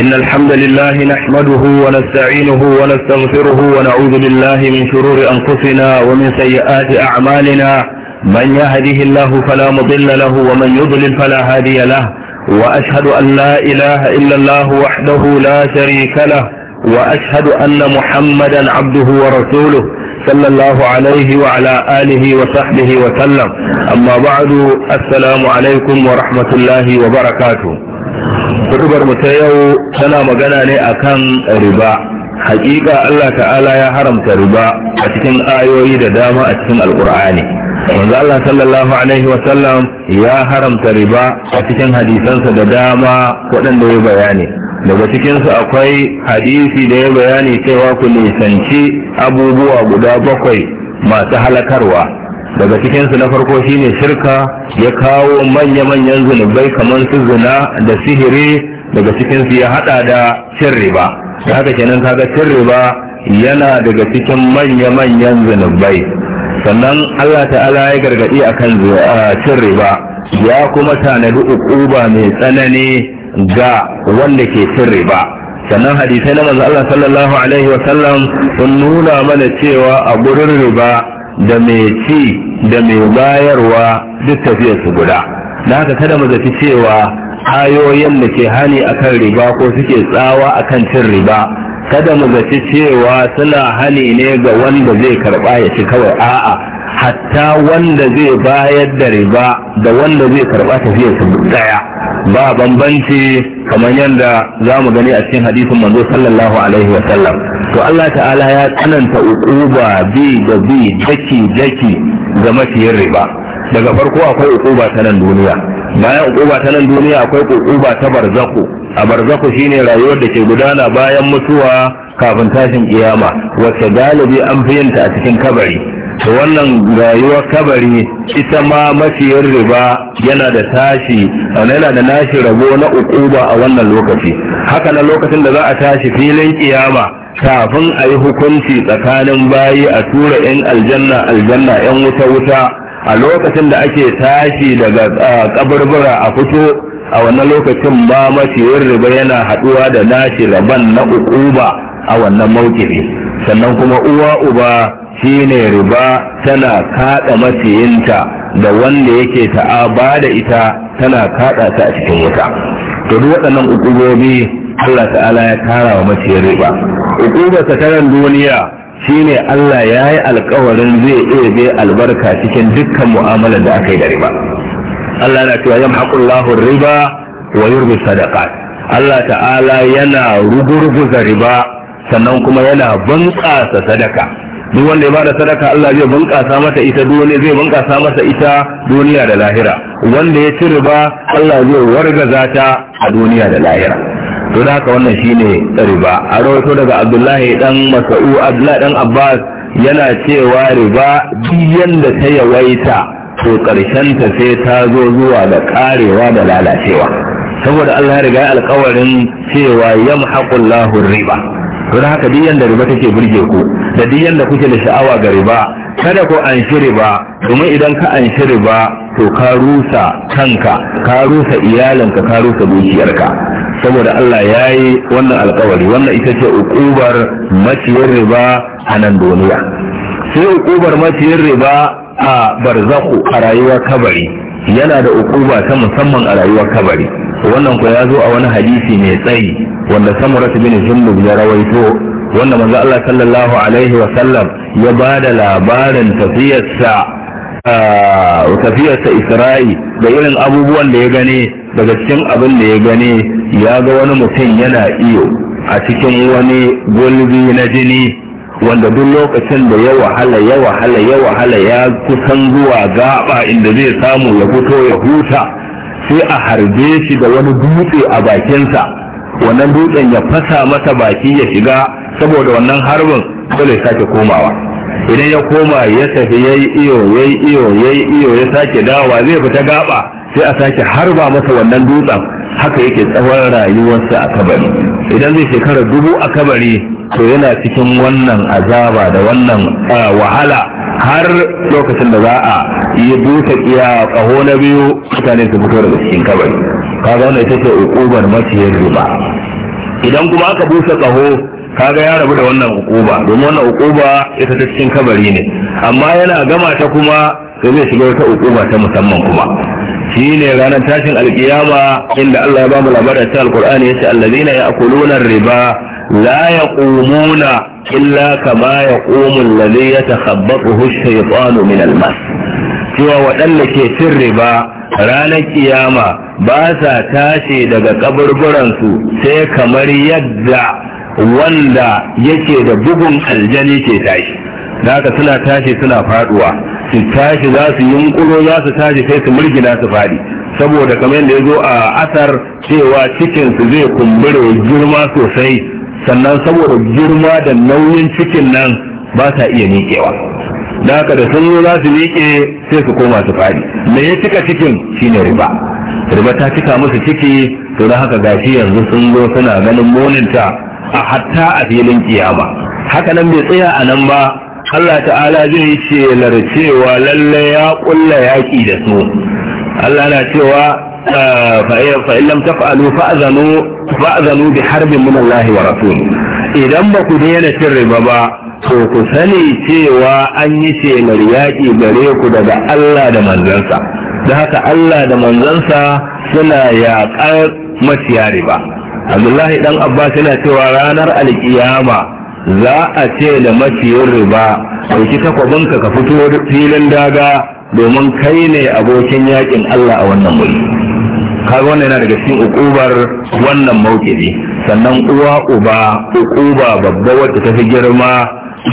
إن الحمد لله نحمده ونستعينه ونستغفره ونعوذ بالله من شرور أنفسنا ومن سيئات أعمالنا من يهده الله فلا مضل له ومن يضلل فلا هادي له وأشهد أن لا إله إلا الله وحده لا شريك له وأشهد أن محمدا عبده ورسوله صلى الله عليه وعلى آله وصحبه وسلم أما بعد السلام عليكم ورحمة الله وبركاته hudubar mu ta yau tana magana ne akan riba hakika Allah ta'ala ya haramta riba a cikin ayoyi da dama a cikin alkur'ani manzo Allah sallallahu alaihi wa sallam ya haramta riba a cikin hadisansa da dama waɗanda ya bayani daga cikinsu akwai hadisi da ya bayani cewa ku nisanci abubuwa guda bakwai masu halakarwa daga cikinsu na farko shine shirka ya kawo manya-manyan zunubai kamar su zina da sihiri daga cikinsu ya hada da cin riba da haka kenan kaga cin riba yana daga cikin manya-manyan zunubai sannan Allah ta'ala ya gargadi akan cin riba ya kuma tanadi ukuba mai tsanani ga wanda ke cin riba sannan hadisai na manzo Allah sallallahu alaihi wa sallam sun nuna mana cewa a gurin riba da mai ci da mai bayarwa duk tafiyarsu guda da haka kada mu zafi cewa ayoyin da ke hani akan riba ko suke tsawa akan cin riba kada mu zaci cewa suna hani ne ga wanda zai karba ya ci kawai a'a hatta wanda zai bayar da riba da wanda zai karba tafiya su daya ba bambanci kamar yadda za mu gani a cikin hadisin manzo sallallahu alaihi wa to Allah ta'ala ya tsananta uquba bi da bi daki daki ga mafiyin riba daga farko akwai uquba ta nan duniya bayan uquba ta nan duniya akwai uquba ta barzaku a barzaku shine rayuwar da ke gudana bayan mutuwa kafin tashin kiyama wacce galibi an fi yinta a cikin kabari to wannan rayuwar kabari ita ma mafiyar riba yana da tashi yana da nashi rabo na uquba a wannan lokaci haka na lokacin da za a tashi filin kiyama kafin a yi hukunci tsakanin bayi a tura 'yan aljanna aljanna 'yan wuta wuta a lokacin da ake tashi daga kaburbura a fito a wannan lokacin ma maciyin riba yana haduwa da nashi raban na ba a wannan maukiri sannan kuma uwa uba shine riba tana kada maciyinta da wanda yake ta'aba da ita tana kada ta a cikin wuta to duk waɗannan gobe Allah ta'ala ya karawa wa riba ba ta duniya shine Allah ya yi alkawarin zai iya bai albarka cikin dukkan mu'amalar da aka yi da riba Allah na cewa yam haƙullahu riba wa yurbi sadaqat Allah ta'ala yana rugurguza riba sannan kuma yana bunƙasa sadaka duk wanda ya bada sadaka Allah zai bunƙasa masa ita duniya zai bunƙasa masa ita duniya da lahira wanda ya ci riba Allah zai wargaza ta a duniya da lahira to da haka wannan shine riba a rawaito daga abdullahi dan mas'u abdullahi dan abbas yana cewa riba biyan da ta yawaita to karshen ta sai ta zo zuwa da karewa da lalacewa saboda Allah ya riga alƙawarin cewa yamhaqullahu riba don haka duk yanda riba take burge ku da duk yanda kuke da sha'awa ga riba kada ku an shi riba domin idan ka an shi riba to ka rusa kanka ka rusa iyalinka ka rusa dukiyarka saboda Allah ya yi wannan alkawari wannan ita ce ukubar maciyar riba a nan duniya sai ukubar maciyar riba a barzaku a rayuwar kabari yana da ukuba ta musamman a rayuwar kabari wannan ku ya zo a wani hadisi mai tsayi wanda samurat bin jundub ya rawaito wanda manzo Allah sallallahu alaihi wa sallam ya ba da labarin tafiyarsa tafiyarsa Isra'i da irin abubuwan da ya gane daga cikin abin da ya gane ya ga wani mutum yana iyo a cikin wani gulbi na jini wanda duk lokacin da ya wahala ya wahala ya wahala ya kusan zuwa gaba inda zai samu ya fito ya huta sai a harbe shi da wani dutse a bakinsa wannan dutsen ya fasa masa baki ya shiga saboda wannan harbin dole sake komawa idan ya koma ya tafi yayi iyo yayi iyo yayi iyo ya sake dawa zai fita gaba sai a sake harba masa wannan dutsen haka yake tsawon rayuwarsa a kabari idan zai shekara dubu a kabari to yana cikin wannan azaba da wannan wahala har lokacin da za a yi busa iya kaho na biyu mutane su fito daga cikin kabari kaga wannan ita ce ukubar maciyar riba idan kuma aka busa kaho kaga ya rabu da wannan ukuba domin wannan ukuba ita ta cikin kabari ne amma yana gama ta kuma sai zai shiga wata ukuba ta musamman kuma shi ne ranar tashin alkiyama inda Allah ya ba mu labarin ta alkur'ani ya ce allazina ya'kuluna riba la yaqumuna illa kama yaqumu allazi yatakhabbathu ash kwano min al-mas cewa waɗanda ke cin riba ranar kiyama ba sa tashi daga kaburburansu sai kamar yadda wanda yake da bugun aljani ke tashi da aka suna tashi suna faduwa su tashi za su yunkuro za su tashi sai su murgina su fadi saboda kamar yadda ya zo a asar cewa cikin su zai kumbure girma sosai sannan saboda girma da nauyin cikin nan ba sa iya miƙewa da haka da sun za su miƙe sai su koma su fadi me ya cika cikin shine riba riba ta cika musu ciki to da haka gashi yanzu sun zo suna ganin moninta a hatta a filin kiyama haka nan bai tsaya a nan ba Allah ta'ala zai shelar cewa lalle ya kulla yaki da su Allah na cewa ah, fa in lam taf'alu fa'zanu fa'zanu bi harbin min Allah wa rasul idan ba ku daina cin riba ba to ku sani cewa an yi shelar yaki gare ku daga Allah da manzansa da haka Allah da manzansa suna yaƙar maciya riba Abdullahi dan Abbas yana cewa ranar alkiyama za a ce da mafiyin riba ɗauki takwabinka ka fito filin daga domin kai ne abokin yakin Allah a wannan wuri kaga wannan yana daga cikin ukubar wannan mawkidi sannan uwa uba ukuba babba wacce ta fi girma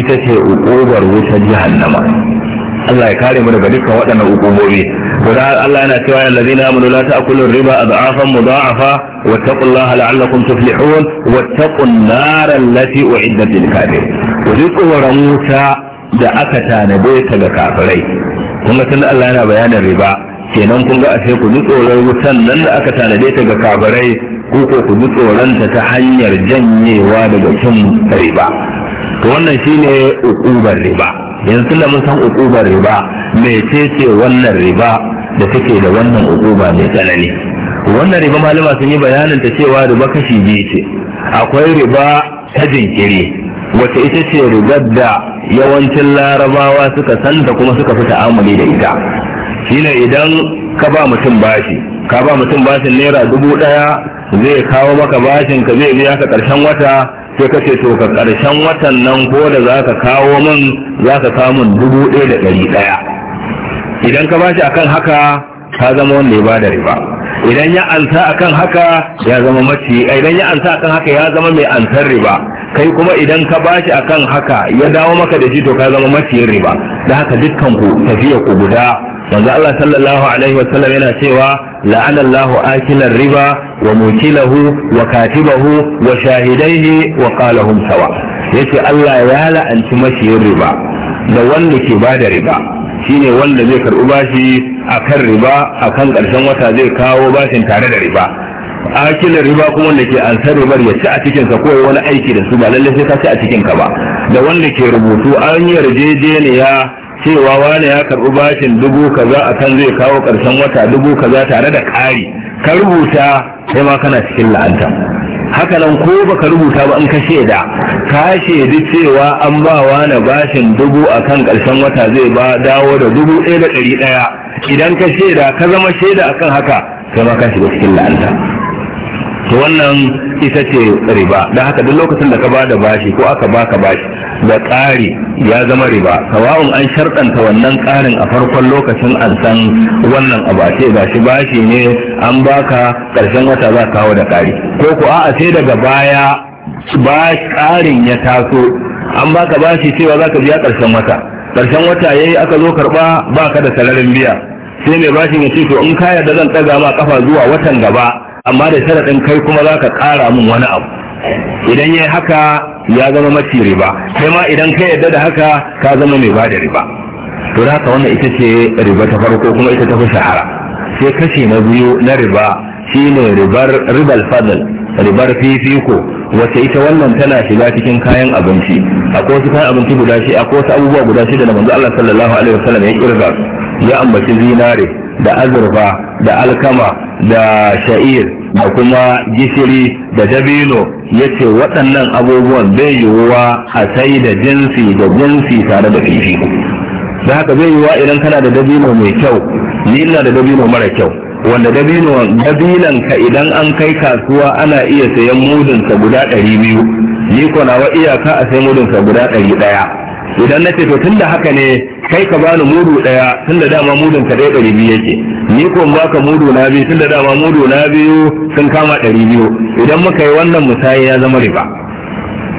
ita ce ukubar wutar jihannama Allah ya kare mu daga dukkan waɗannan hukumomi to da Allah yana cewa ya ladina amanu la ta'kulu riba ad'afan mudha'afa wattaqullaha la'allakum tuflihun wattaqun nar allati u'iddat lil kafirin to duk tsoron da aka tanade ta ga kafirai kuma tun Allah yana bayanin riba kenan kun ga ashe ku ji tsoron wutan nan da aka tanade ta ga kafirai ko ko ku ji tsoronta ta hanyar janyewa daga cin riba to wannan shine ukubar riba yanzu da mun san ukubar riba mecece wannan riba da take da wannan uƙuba mai tsanani wannan riba malama sun yi bayanin ta cewa riba kashi biyu ce akwai riba ta jinkiri wata ita ce rigar da yawancin larabawa suka san da kuma suka fi ta'amali da ita shine idan ka ba mutum bashi ka ba mutum bashin naira dubu ɗaya zai kawo maka bashin ka zai biya ka ƙarshen wata sai ka ce to ka ƙarshen watan nan ko da za ka kawo min za ka samun dubu ɗaya da ɗari ɗaya idan ka bashi akan haka ka zama wanda ya ba da riba idan ya ansa akan haka ya zama mace idan ya ansa akan haka ya zama mai ansar riba kai kuma idan ka bashi akan haka ya dawo maka da shi to ka zama maciyin riba da haka dukkan ku tafiya ku guda manzo Allah sallallahu alaihi wa sallam yana cewa la'ana Allahu akilar riba wa mukilahu wa katibahu wa shahidaihi wa qalahum sawa yace Allah ya la'anci maciyin riba da wanda ke bada riba shine wanda zai karɓi bashi akan riba akan ƙarshen wata zai kawo bashin tare da riba akilar riba kuma wanda ke ansar ribar ya ci a cikinsa ko wani aiki da su ba lallai sai ka ci a cikin ka ba da wanda ke rubutu an yarjejeniya cewa wani ya karɓi bashin dubu kaza a kan zai kawo ƙarshen wata dubu kaza tare da ƙari ka rubuta sai ma kana cikin la'anta haka nan ko baka rubuta ba in ka shaida ka shaidi cewa an ba wani bashin dubu a kan ƙarshen wata zai ba dawo da dubu ɗaya da ɗari ɗaya idan ka shaida ka zama shaida akan haka sai ma ka shiga cikin la'anta to wannan ita ce riba don haka duk lokacin da ka ba da bashi ko aka baka bashi da ƙari ya zama riba sawa'un an sharɗanta wannan ƙarin a farkon lokacin an san wannan abu a ce ga shi bashi ne an baka ƙarshen wata za kawo da ƙari ko ku a'a sai daga baya ba ƙarin ya taso an baka bashi cewa za ka biya ƙarshen wata ƙarshen wata yayi aka zo karɓa baka da sararin biya sai mai bashin ya ce to in ka yarda zan ɗaga ma ƙafa zuwa watan gaba amma da sharaɗin kai kuma za ka ƙara min wani abu idan ya haka ya zama mafi riba sai ma idan ka yadda da haka ka zama mai ba da riba to da haka wannan ita ce riba ta farko kuma ita ta fi shahara sai kashi na biyu na riba shine ribar ribal fadl ribar fifiko wace ita wannan tana shiga cikin kayan abinci akwai wasu kayan abinci guda shi akwai wasu abubuwa guda shi da manzo Allah sallallahu alaihi wasallam ya kirga ya ambaci zinare da azurfa da alkama da sha'ir da kuma gishiri da dabino ya ce waɗannan abubuwan bai yiwuwa a sai da jinsi da jinsi tare da fifi da haka bai yiwuwa idan kana da dabino mai kyau ni ina da dabino mara kyau wanda dabino dabilan ka idan an kai kasuwa ana iya sayan mudunsa guda ɗari biyu ni ko iyaka a sai mudunsa guda ɗari ɗaya idan na ce to tunda haka ne kai ka bani mudu daya tunda dama mudun ka dai ɗari biyu yake ni ko in baka mudu na biyu tunda dama mudu na biyu sun kama ɗari biyu idan muka yi wannan musayi ya zama riba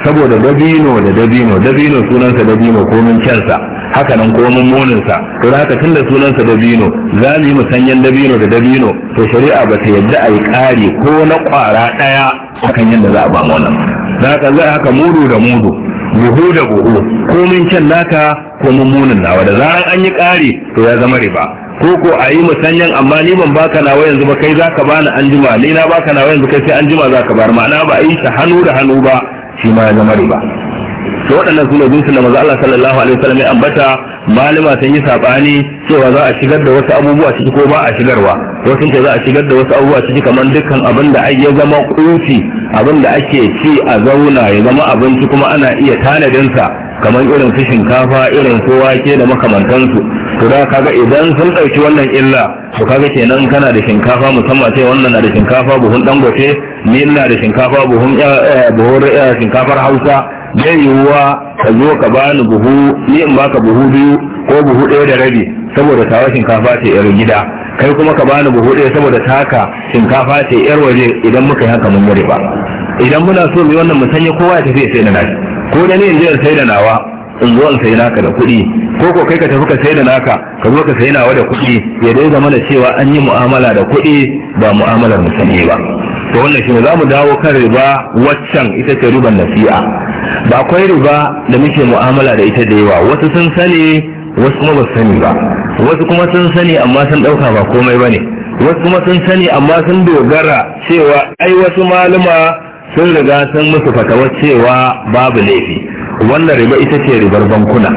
saboda dabino da dabino dabino sunansa dabino komin kyansa haka nan komin muninsa to haka tunda sunansa dabino za mu yi musanyen dabino da dabino to shari'a ba ta yadda a yi ƙari ko na ƙwara ɗaya akan yadda za a ba mu wannan za ka za haka mudu da mudu buhu da buhu can kyan naka ko mummunan nawa da zaran an yi ƙari to ya zama riba ko ko a yi musanyan amma ni ban baka nawa yanzu ba kai zaka bani an jima ni na baka nawa yanzu kai sai anjima jima zaka bar ma'ana ba a yi ta hannu da hannu ba shi ma ya zama riba to waɗannan su ne jinsin da maza Allah sallallahu alaihi wasallam ya ambata malama sun yi saɓani cewa za a shigar da wasu abubuwa ciki ko ba a shigarwa wasu ce za a shigar da wasu abubuwa ciki kamar dukkan abin da ya zama kuti abin da ake ci a zauna ya zama abinci kuma ana iya tanadinsa kamar irin su shinkafa irin su wake da makamantansu to da kaga idan sun ɗauki wannan illa to kaga kenan kana da shinkafa musamman ce wannan na da shinkafa buhun dangote ni ina da shinkafa buhun eh, eh, eh, shinkafar hausa zai yiwuwa ka zo ka bani buhu ni in baka buhu biyu ko buhu ɗaya da rabi saboda tawa shinkafa ce yar gida kai kuma ka bani buhu ɗaya saboda taka shinkafa ce yar waje idan muka yi haka mun yi ba idan muna so mu yi wannan mu sanya kowa ya tafi ya sai da nashi ko da ne in je in sai da nawa in zo in sayi naka da kuɗi ko ko kai ka tafi ka sai da naka ka zo ka sayi nawa da kuɗi ya dai zama da cewa an yi mu'amala da kuɗi ba mu'amalar musulmi ba to wannan shi za mu dawo kan riba waccan ita ce riban nasi'a ba akwai riba da muke mu'amala da ita da yawa wasu sun sani wasu kuma ba sani ba wasu kuma sun sani amma sun ɗauka ba komai ba ne wasu kuma sun sani amma sun dogara cewa ai wasu maluma sun riga sun musu fatawar cewa babu laifi wannan riba ita ce ribar bankuna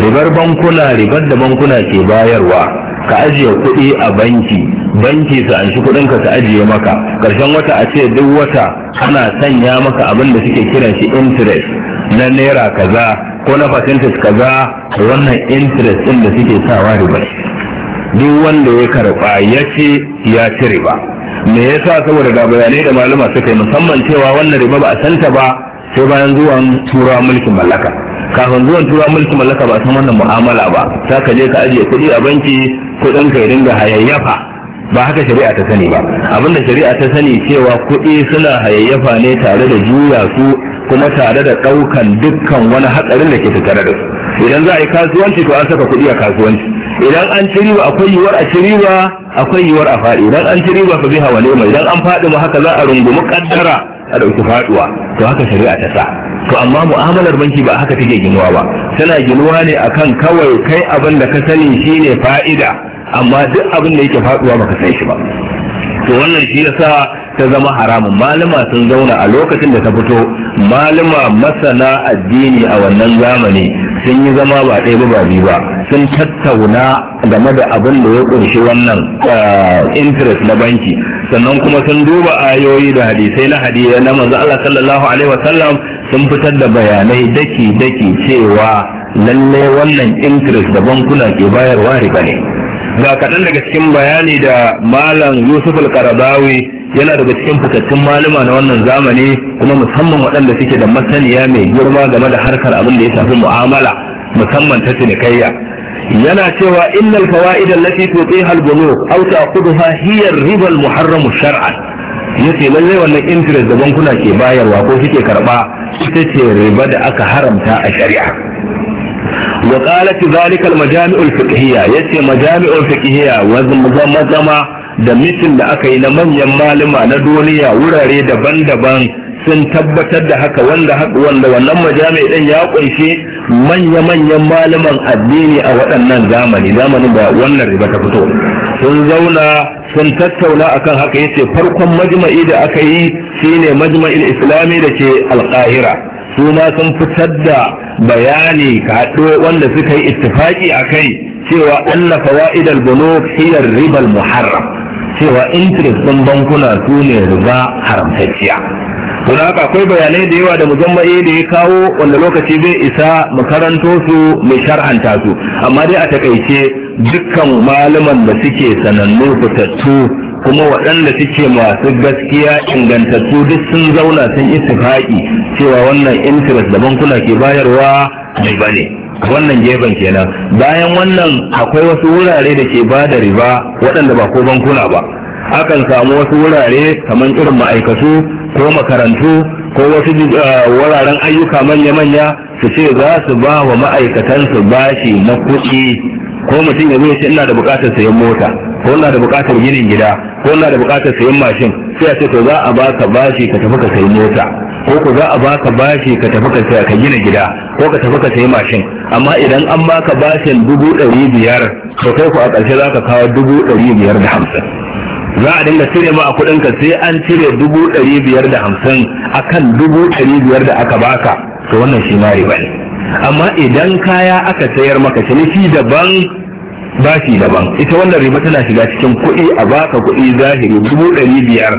ribar bankuna ribar da bankuna ke bayarwa ka ajiye kuɗi a banki banki su an kuɗin ka su ajiye maka Karshen wata a ce duk wata ana sanya maka abin da suke kiran shi interest na naira kaza ko na percentage kaza wannan interest ɗin da suke sawa ribar. duk wanda ya karɓa ya ce ya ci riba me yasa saboda da bayanai da malama suka yi musamman cewa wannan riba ba a santa ba sai bayan zuwan turawa mulkin mallaka kafin zuwan turawa mulkin mallaka ba san wannan mu'amala ba za ka je ka ajiye kuɗi a banki kuɗin ka dinga hayayyafa ba haka shari'a ta sani ba abinda shari'a ta sani cewa kuɗi suna hayayyafa ne tare da juya su kuma tare da ɗaukan dukkan wani hatsarin da ke tattare da su idan za a yi kasuwanci to an saka kuɗi a kasuwanci idan an ci riba akwai yiwuwar a ci riba akwai yiwuwar a faɗi idan an ci riba fa biha walima idan an faɗi ma haka za a rungumi kaddara a ɗauki faɗuwa to haka shari'a ta sa to amma mu'amalar banki ba haka take ginuwa ba tana ginuwa ne akan kawai kai abin da ka sani shine fa'ida amma duk abin da yake faɗuwa baka san shi ba to wannan shi yasa ta zama haramun malama sun zauna a lokacin da ta fito malama masana addini a wannan zamani sun yi zama ba ɗaya ba biyu ba sun tattauna game da abin da ya ƙunshi wannan ah, interest na banki sannan kuma sun duba ayoyi da hadisai na hadisai na manzo Allah sallallahu alaihi wasallam sun fitar da bayanai daki daki cewa lalle wannan interest da bankuna ke bayarwa riba ne ga kaɗan daga cikin bayani da malam yusuf al yana daga cikin fitattun malama na wannan zamani kuma musamman waɗanda suke da masaniya mai girma game da harkar abin da ya shafi mu'amala musamman ta cinikayya yana cewa innal fawaid allati tutiha al-bunuk aw ta'khudha hiya ar-riba al-muharram shar'an yace lalle wannan interest da bankuna ke bayarwa ko suke karba ita ce riba da aka haramta a shari'a وقالت ذلك المجامع الفقهية يتي مجامع الفقهية وزم زم da mitin da aka yi na manyan malama na duniya wurare daban-daban sun tabbatar da haka wanda wanda wannan majami din ya kunshi manya-manyan malaman addini a waɗannan zamani zamanin ba wannan riba ta fito sun zauna sun tattauna akan haka yace farkon majma'i da aka yi shine majma'il islami da ke alƙahira ma sun fitar da bayani kaɗo wanda suka yi ittifaƙi a kai cewa anna fawa'id al-bunuk hiya riba muharram cewa interest ɗin bankuna su ne riba haramtacciya don haka akwai bayanai da yawa da mujammai da ya kawo wanda lokaci zai isa makaranto su mai shar'anta su amma dai a takaice dukkan malaman da suke sanannu fitattu kuma waɗanda suke masu gaskiya ingantattu duk sun zauna sun istifaki cewa wannan interest da bankuna ke bayarwa mai bane wannan gefen kenan bayan wannan akwai wasu wurare da ke ba da riba waɗanda ba ko bankuna ba akan samu wasu wurare kamar irin ma'aikatu ko makarantu ko wasu eh, wuraren ayyuka manya-manya su ce za su ba wa ma'aikatansu bashi na kuɗi ko mutum ya zo shi ina da buƙatar sayan mota ko ina da buƙatar ginin gida ko ina da buƙatar sayan mashin sai a ce to za a ba baka bashi ka tafi ka sayi mota ko ku za a baka bashi ka tafi ka saya ka gina gida ko ka tafi ka sayi mashin amma idan an baka bashin dubu ɗari biyar to kai ku a ƙarshe za ka kawo dubu ɗari biyar da hamsin za a dinga cire ma a kuɗin ka sai an cire dubu ɗari biyar da hamsin akan dubu ɗari biyar da aka baka to wannan shi ma riba ne amma idan kaya aka sayar maka shi daban bashi daban ita wannan riba tana shiga cikin kuɗi a baka kuɗi zahiri dubu ɗari biyar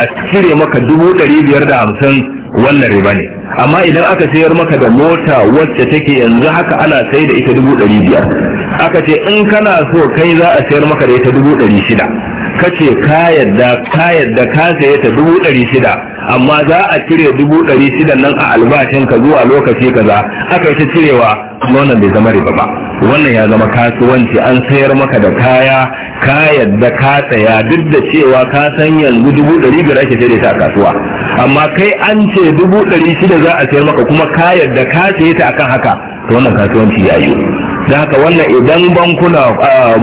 a cire maka dubu ɗari biyar da hamsin wannan riba ne amma idan aka sayar maka da mota wacce take yanzu haka ana sai da ita dubu ɗari biyar aka ce in kana so kai za a sayar maka da ita dubu ɗari shida ka ce ka yadda ka yadda ka saye ta dubu ɗari shida amma za a cire dubu ɗari shida nan a albashinka zuwa lokaci kaza aka yi ta cirewa wannan bai zama riba ba wannan ya zama kasuwanci an sayar maka da kaya ka yadda ka tsaya duk da cewa ka san yanzu dubu ɗari biyar ake cire ta a kasuwa amma kai an ce dubu ɗari shida za a sayar maka kuma ka yadda ka saye ta akan haka to wannan kasuwanci ya yi da haka wannan idan bankuna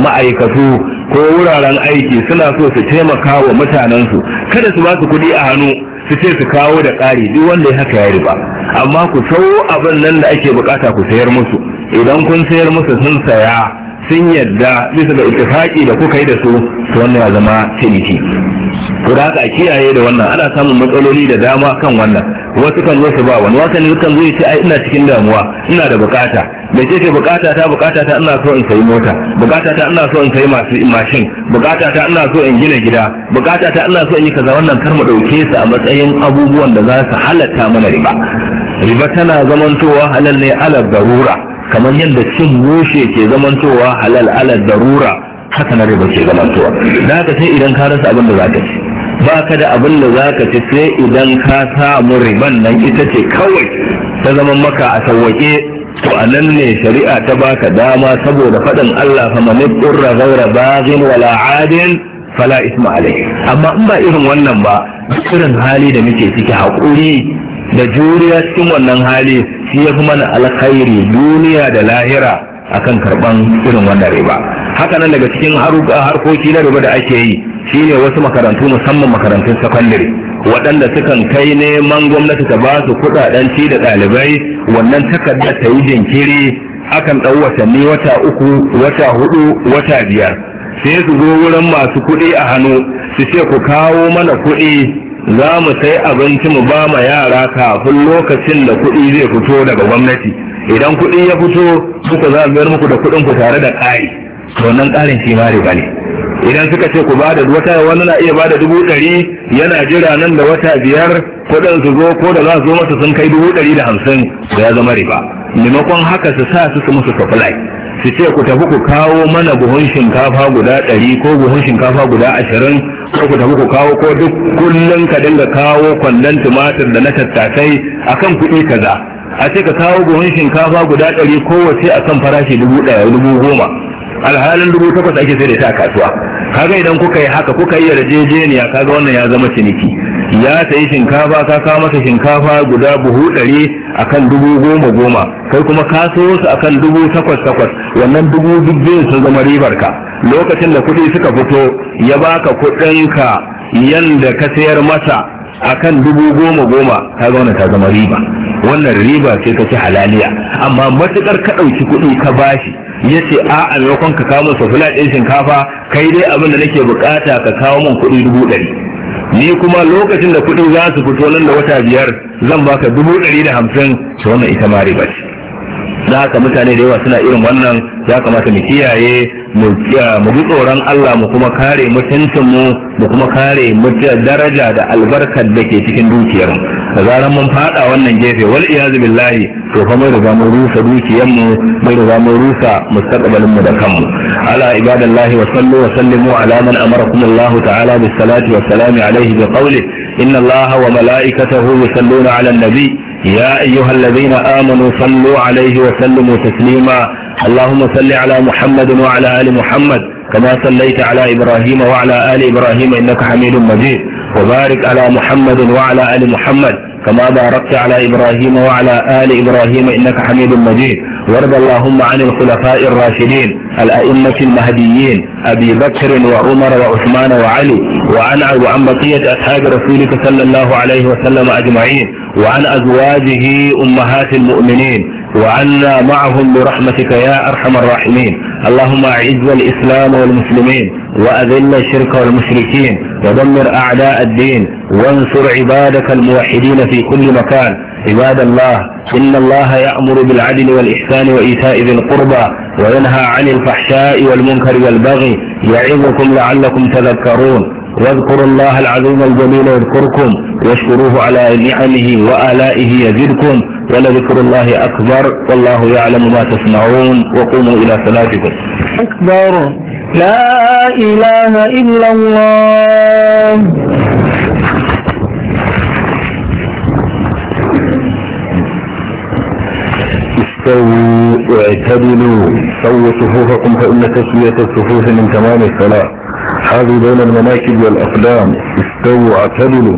ma'aikatu ko wuraren aiki suna so su taimaka wa mutanensu kada su ba su kuɗi a hannu su ce su kawo da ƙari duk wanda ya haka ya riba amma ku sau abin nan da ake bukata ku sayar musu idan kun sayar musu sun saya sun yadda bisa ga ittifaqi da kuka yi da su to wannan ya zama ciniki to da haka kiyaye da wannan ana samun matsaloli da dama kan wannan wasu kan zo su ba wani wasu ne kan zo ce ai ina cikin damuwa ina da bukata me ce ce bukata ta bukata ta ina so in sayi mota bukata ta ina so in sayi masu mashin bukata ta ina so in gina gida bukata ta ina so in yi kaza wannan kar mu dauke su a matsayin abubuwan da za su halatta mana riba riba tana zamantowa halal ne ala darura kamar yadda cin mushe ke zamantowa halal ala darura haka na riba ke zamantowa da haka sai idan ka rasa abin da za ka ci ba ka da abin da za ka ci sai idan ka samu riban nan ita ce kawai ta zama maka a sauwaƙe to a nan ne shari'a ta baka dama saboda faɗin Allah fa man qurra ghayra baghin wala adin fala isma alai amma in ba irin wannan ba irin hali da muke ciki hakuri da juriya cikin wannan hali shi ya fi mana alkhairi duniya da lahira akan karban irin wannan riba haka nan daga cikin harkoki na riba da ake yi shine wasu makarantu musamman makarantun sakandare waɗanda sukan kai neman gwamnati ta ba su kuɗaɗen ci da ɗalibai wannan takarda ta yi jinkiri akan ɗau watanni wata uku wata hudu wata biyar sai su zo wurin masu kuɗi a hannu su ce ku kawo mana kuɗi za mu sai abinci mu ba ma yara kafin lokacin da kuɗi zai fito daga gwamnati idan kuɗi ya fito suka za biyar muku da kuɗin ku tare da ƙari to wannan ƙarin shi ma ne idan suka ce ku bada wata wani na iya bada dubu ɗari yana jira nan da wata biyar kuɗin su zo ko da za su zo masa sun kai dubu ɗari da hamsin da ya zama riba maimakon haka su sa su su musu supply su ce ku tafi ku kawo mana buhun shinkafa guda ɗari ko buhun shinkafa guda ashirin ko ku tafi ku kawo ko duk kullum ka dinga kawo kwandon tumatir da na tattasai akan kuɗi kaza a ce ka kawo buhun shinkafa guda ɗari kowace a kan farashi dubu ɗaya dubu goma alhalin dubu takwas ake sai da ta a kasuwa kaga idan kuka yi haka kuka yi yarjejeniya kaga wannan ya zama ciniki ya sayi shinkafa ka kawo masa shinkafa guda buhu ɗari a kan dubu goma goma kai kuma ka so su a kan dubu takwas takwas wannan dubu dubbin sun zama ribar ka lokacin da kuɗi suka fito ya baka kuɗin ka yanda ka sayar masa akan dubu goma goma ka zauna ta zama riba wannan riba ce ka ci halaliya amma matukar ka ɗauki kuɗi ka bashi ya ce a a maimakon ka kawo masa fula ɗin shinkafa kai dai abin da nake bukata ka kawo min kuɗi dubu ɗari ni kuma lokacin da kuɗi za su fito nan da wata biyar zan baka dubu ɗari da hamsin ta wannan ita ma riba ce da haka mutane da yawa suna irin wannan ya kamata mu kiyaye mu bi tsoron Allah mu kuma kare mutuncin mu mu kuma kare daraja da albarkar da ke cikin dukiyar da zaran mun fada wannan gefe wal iyazu billahi to fa mai riga mun rusa dukiyar mu mai riga mun rusa mustaqbalin mu da kanmu ala ibadallahi wa sallu wa sallimu ala man amarakum Allah ta'ala bis salati wa salami alayhi bi qawli inna Allah wa malaikatahu yusalluna ala an-nabi يا أيها الذين آمنوا صلوا عليه وسلموا تسليما اللهم صل على محمد وعلى آل محمد كما صليت على إبراهيم وعلى آل إبراهيم إنك حميد مجيد وبارك على محمد وعلى آل محمد كما باركت على إبراهيم وعلى آل إبراهيم إنك حميد مجيد وارض اللهم عن الخلفاء الراشدين الأئمة المهديين أبي بكر وعمر وعثمان وعلي وعن وعن بقية أصحاب رسولك صلى الله عليه وسلم أجمعين وعن أزواجه أمهات المؤمنين وعنا معهم برحمتك يا أرحم الراحمين اللهم أعز الإسلام والمسلمين وأذل الشرك والمشركين ودمر أعداء الدين وانصر عبادك الموحدين في كل مكان عباد الله إن الله يأمر بالعدل والإحسان وإيتاء ذي القربى وينهى عن الفحشاء والمنكر والبغي يعظكم لعلكم تذكرون واذكروا الله العظيم الجليل يذكركم واشكروه على نعمه وآلائه يزدكم ولذكر الله أكبر والله يعلم ما تصنعون وقوموا إلى صلاتكم أكبر لا إله إلا الله استووا واعتدلوا سووا صفوفكم فإن تسوية الصفوف من تمام الصلاة حاذوا بين المناكب والأقدام استووا اعتدلوا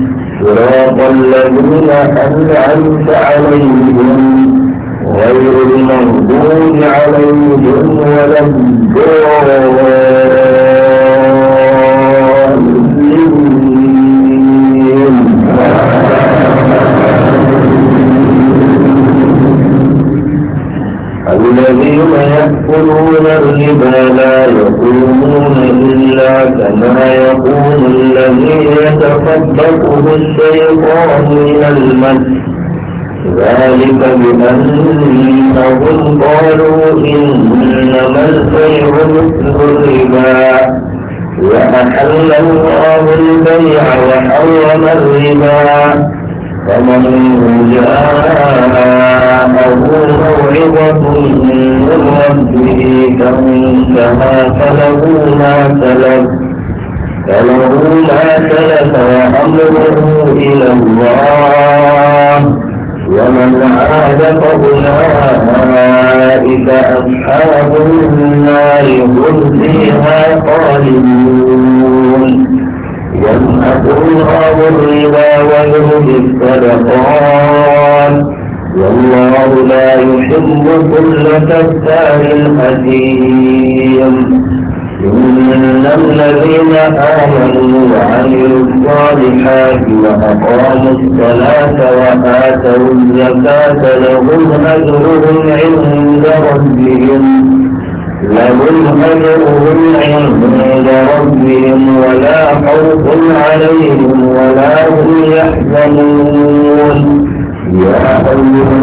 صراط الذين أنعمت عليهم غير المغضوب عليهم ولا الضالين الذين يأكلون الربا لا يقومون إلا كما يقوم الذي يتخبطه الشيطان من المس ذلك بأنهم قالوا إنما البيع مثل الربا وأحل الله البيع وحرم الربا فمن جاءه موعظة من ربه فمن فانتهى فله ما سلف فله ما سلف وأمره إلى الله ومن عاد فأولئك أصحاب النار هم فيها خالدون يمحق الله الربا ويهدي الصدقات والله لا يحب كل كفار أثيم إن الذين آمنوا وعملوا الصالحات وأقاموا الصلاة وآتوا الزكاة لهم أجرهم عند ربهم لهم أجرهم عند ربهم ولا خوف عليهم ولا هم يحزنون يا أيها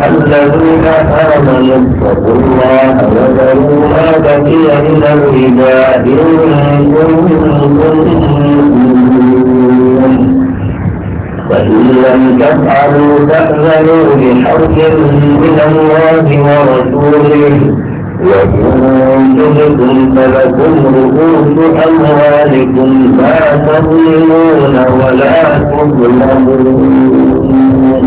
الذين آمنوا اتقوا الله وذروا ما بقي من الربا إن كنتم فإن لم تفعلوا فأذنوا بحق من الله ورسوله وإن تبدوا فلكم رؤوس أموالكم لا تظلمون ولا تظلمون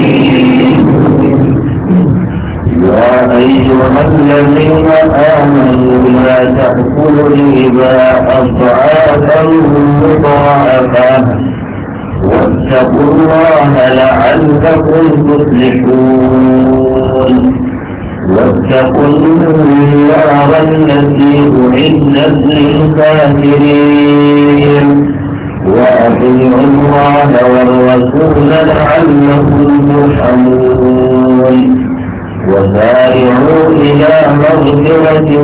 أيها الذين آمنوا لا تأكلوا الربا أضعافا مضاعفة واتقوا الله لعلكم تفلحون واتقوا النار التي أعدت للكافرين وأطيعوا الله والرسول لعلكم ترحمون وسارعوا إلى مغفرة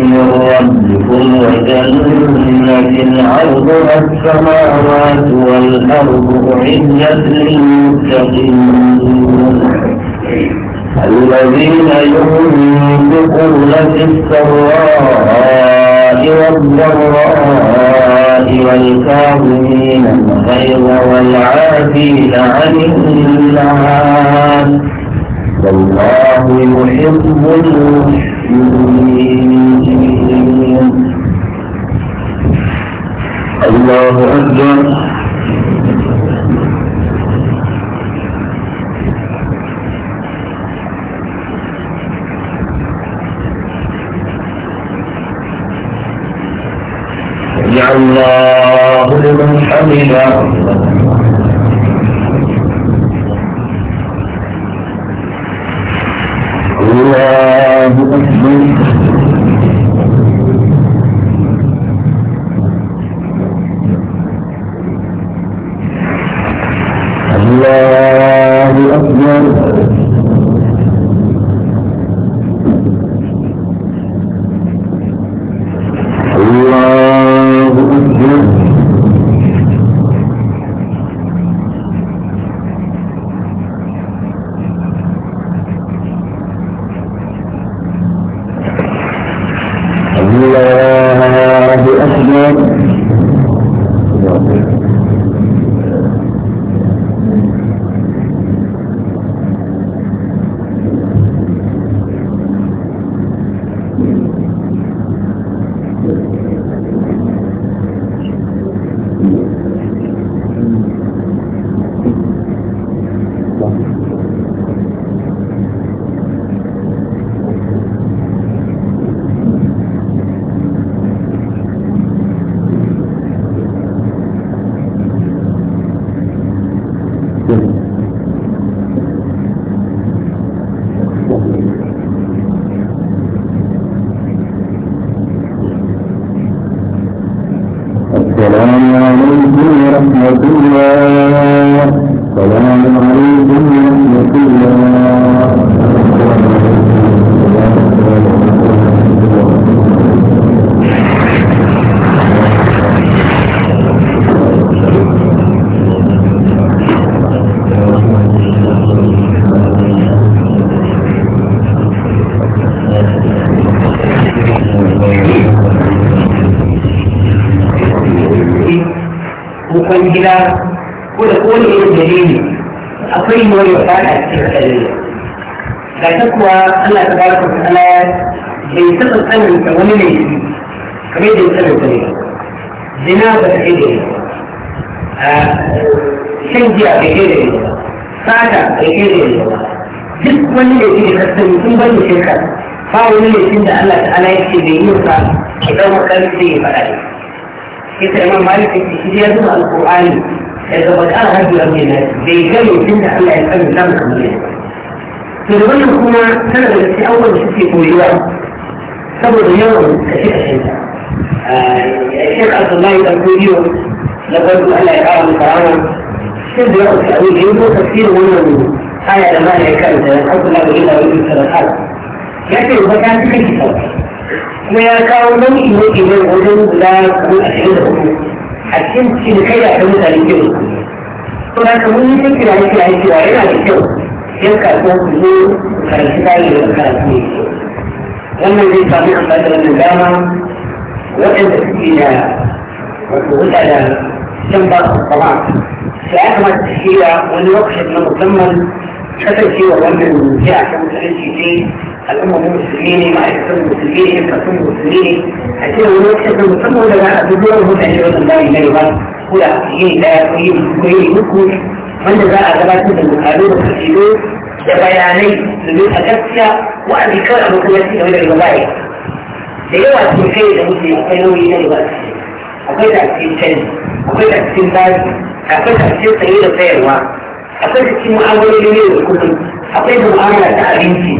من ربكم وجنة عرضها السماوات والأرض أعدت للمتقين الذين ينفقون في السراء والضراء والكاظمين الغيظ والعافين عن الناس والله يحب المحسنين الله أكبر يا الله لمن حمده الله shan giya bai kai da sata bai kai da duk wani da ke da kasance sun bar da shirka ba wani laifin da Allah ta'ala ya ce bai yi sa ki ɗau makarfi ya faɗa ne. Ita imam Malik ya ce shi ya zuba alƙur'ani daga bakar hajji a mai nasi bai ga laifin da Allah ya sani zama kamar yadda. To da wannan kuma tana da gaske abubuwan da suke koyuwa saboda yawan kashe-kashen ta. Shekar Abdullahi Ɗan Kodiyo لابد أن لا يقام الكرامة كل يأخذ تأويل عنده تفسير منه هاي لما لا يكاد الحمد لله بإلا وإلا الثلاثات لكن هو كان في كتاب ويكاو نوعي نوعي من وجود لا تكون أسئلة حسين في لكي يحمد الجو هناك من يفكر على في عيش وعينا الجو يبقى فوق الجو فالكتاب والكلاسيك لما يجي صديق بدر النجامة وجد إلى وجد تنبغ الضمان لأنه التسجيلة واللي يقصد من الضمن تسجي وضمن جاء كم في الأمة المسلمين ما يكون المسلمين يكون المسلمين حتى لو يقصد من الضمن ولا بدونه تسجيل الله إليه ولا يجي لا يكون من جاء ذلك من المقالور والتسجيل لبياني للأجسة وأذكار المقلسين إلى الوضعية ليوعد من كيد المسلم وكيلوه إلى الوضعية akwai tafsirin canji akwai tafsirin bashi akwai tafsirin saye da sayarwa akwai tafsirin mu'amalolin yau da kullum akwai mu'amala ta abinci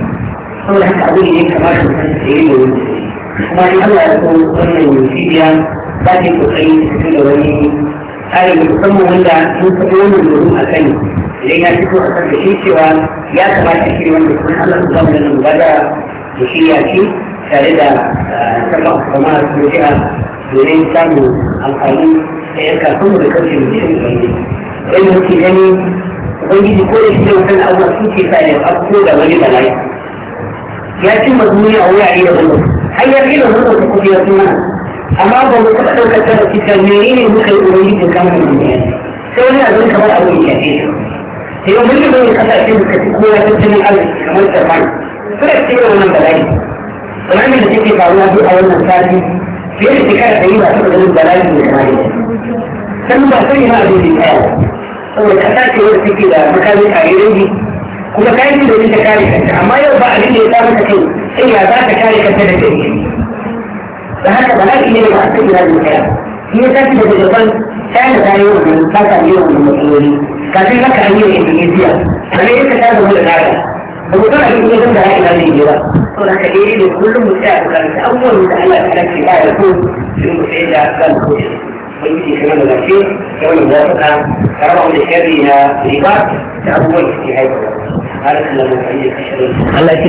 saboda haka abu ne kamata mutum saye da wani kuma in Allah ya so wannan yusidiya za ta yi kokari ta fito da wani tsari musamman wanda mun faɗi wannan domin a sani idan ya fito a kan da shi cewa ya kamata shi wanda kuma Allah ya ba mu da nan ba da shirya shi tare da sama kuma su jiha domin samun amfani da yan kafin da kafin da shi ubangiji yadda muke gani ubangiji ko da shi yau kan abuwa su ke sa ne a kuma da wani bala'i ya ci mazmuni a wurare da wani hanyar yin wani da kuma ya suna amma ba mu taɓa ɗaukar ta da cikin menene muka yi ubangiji kamar da duniya sai wani abin kamar abin ya ce sai yau mulki bai kasashe da kafi kowa tattalin arziki kamar japan suna cikin wannan bala'i kamar da take faruwa duk a wannan sati ليش كانت أيها تقدم البلايين من المالية ثم فيها هذه الآية ثم تحتاج في كده مكان أغيري kuma ka yi da ita kare kanta amma yau ba abin da ya samu ka kai sai ya za ka kare kanta da kai da haka ba za ki yi da ba ka kira da kai ni ka ci da gaban sai da kai wannan ka ka yi wannan matsaloli kafin haka an yi da Indonesia sai ka ta da mu da الموضوع اللي في الايه يكون في المساعد في هذا